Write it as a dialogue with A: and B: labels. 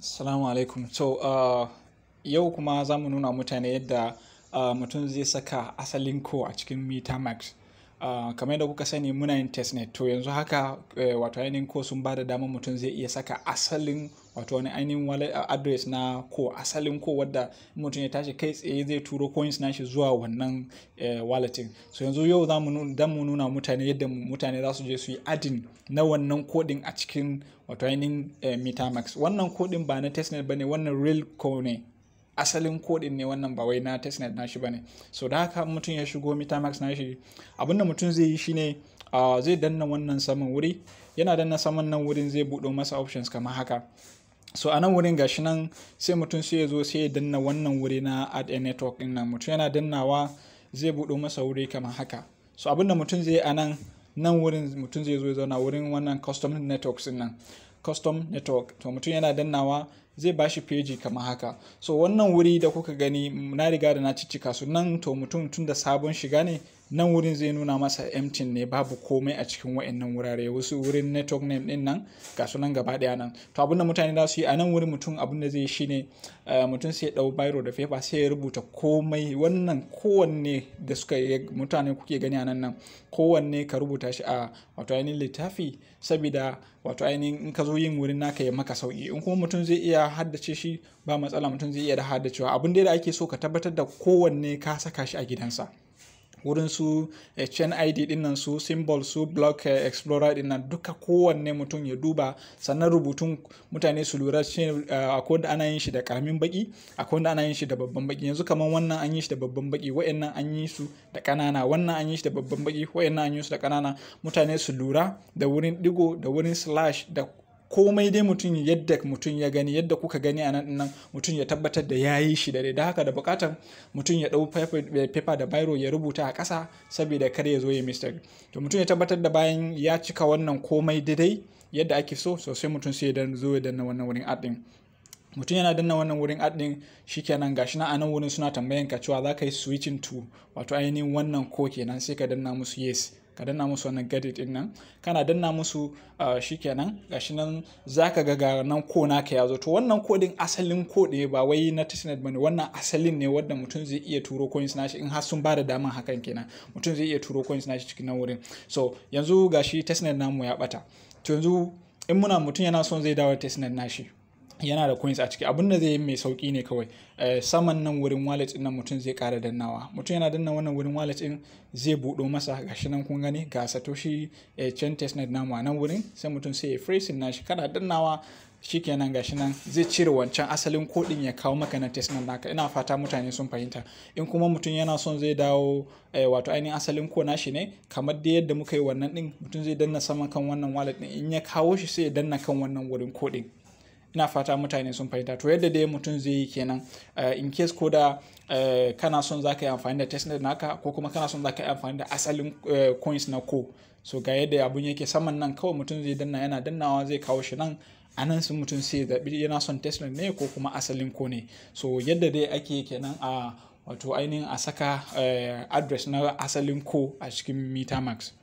A: salamu alaikum. to uh, yau kuma za mu nuna mutane yadda uh, mutum zai saka asalin ko a cikin MetaMask. Ah, kamar yadda kuka sani muna yin testnet to yanzu haka eh, wato ainihin ko sun ba da mutum zai iya saka asalin wato wani ainihin wallet ah, na ko asalin ko wadda mutum ya tashi kai tsaye zai turo coins shi zuwa wannan eh, walletin so yanzu yau za mu dan mu nuna mutane yadda mutane za su je su yi adin na wannan kodin a cikin wato ainihin eh, metamax wannan kodin ba na testnet bane wannan real ko ne asalin kodin ne wannan ba wai na testnet na shi bane so da haka mutum ya shigo metamax na shi abinda mutum zai yi shine uh, zai danna wannan saman wuri yana danna saman nan wurin zai buɗo masa options kamar haka so a nan wurin gashi nan sai mutum sai ya zo sai ya danna wannan wuri na add a network din nan mutum yana dannawa zai buɗo masa wuri kamar haka so abinda mutum zai yi a nan nan wurin mutum zai zo ya zauna wurin wannan custom networks din nan custom network to mutum yana dannawa zai ba shi feji kamar haka so wannan wuri da kuka gani na riga da na ciccika su nan to mutum tun da sabon shiga ne nan wurin zai nuna masa emtin ne babu komai a cikin wa'annan wurare wasu wurin network name din nan ga sunan gaba daya nan to abinda mutane za su yi a nan wurin mutum abinda zai shi ne eh, mutum sai dau biro da paper sai ya rubuta komai wannan kowanne da suka mutane kuke gani a nan nan kowanne ka rubuta shi a wato ainihin littafi saboda wato ainihin in ka zo yin wurin naka ya maka sauki in kuma mutum zai iya haddace shi ba matsala mutum zai iya da haddacewa abin da ake so ka tabbatar da kowanne ka saka shi a gidansa wurin su HNID dinnan su symbol su block eh, explorer dinnan duka kowanne mutum ya duba sannan rubutun mutane su lura shi eh, akwai da ana yin shi da karamin baki akwai da ana yin shi da babban baki yanzu kamar wannan an yi shi da babban baki wayannan an yi su da kanana wannan an yi shi da babban baki wayannan an yi su da kanana mutane su lura da wurin digo da wurin slash da komai dai mutum yadda mutum ya gani yadda kuka gani a nan mutum ya tabbatar da ya yi shi da da haka da bukatan mutum ya dau eh, paper da biro ya rubuta a kasa saboda kar ya zo ya mistake to mutum ya tabbatar da bayan ya cika wannan komai daidai yadda ake so sosai mutum sai ya zo ya danna wannan wurin adin mutum yana danna wannan wurin adin din shikenan gashi na anan wurin suna tambayan ka cewa za ka yi switching to wato ainihin wannan ko kenan sai ka danna musu yes ka danna musu wannan gadi din nan kana danna musu shikenan gashi nan zaka ga ga nan ko naka ya zo to wannan kodin asalin ko ne ba wai na tisnet bane wannan asalin ne wanda mutum zai iya turo coins nashi in har sun bada daman hakan kenan mutum zai iya turo coins nashi cikin nan wurin so yanzu gashi tisnet namu ya bata to yanzu in muna mutum yana son zai dawo tisnet nashi yana da coins a ciki abin da zai yi mai sauki ne kawai eh, saman nan wurin wallet din nan mutum zai kara dannawa mutum yana danna wannan wurin wallet din zai buɗo masa gashi nan kun gani ga satoshi eh, chain testnet namu a nan wurin sai mutum sai ya na shi kana dannawa kenan gashi nan zai cire wancan asalin kodin ya kawo maka na testnet naka ina fata mutane sun fahimta in kuma mutum yana son zai dawo eh, wato ainihin asalin ko nashi ne kamar da yadda muka yi wannan din mutum zai danna saman kan wannan wallet din in ya kawo shi sai ya danna kan wannan wurin kodin ina fata mutane sun fahimta to yadda dai mutum zai yi kenan eh, in case ko da eh, kana son za ka yi amfani da testnet naka ko kuma kana son za ka yi amfani da asalin eh, coins na ko so ga yadda abun yake saman nan kawai mutum zai danna yana dannawa zai kawo shi nan a nan sun mutum sai zaɓi yana son testnet ne ko kuma asalin ko ne so yadda dai ake kenan a wato ainihin a saka address na asalin ko a cikin metamax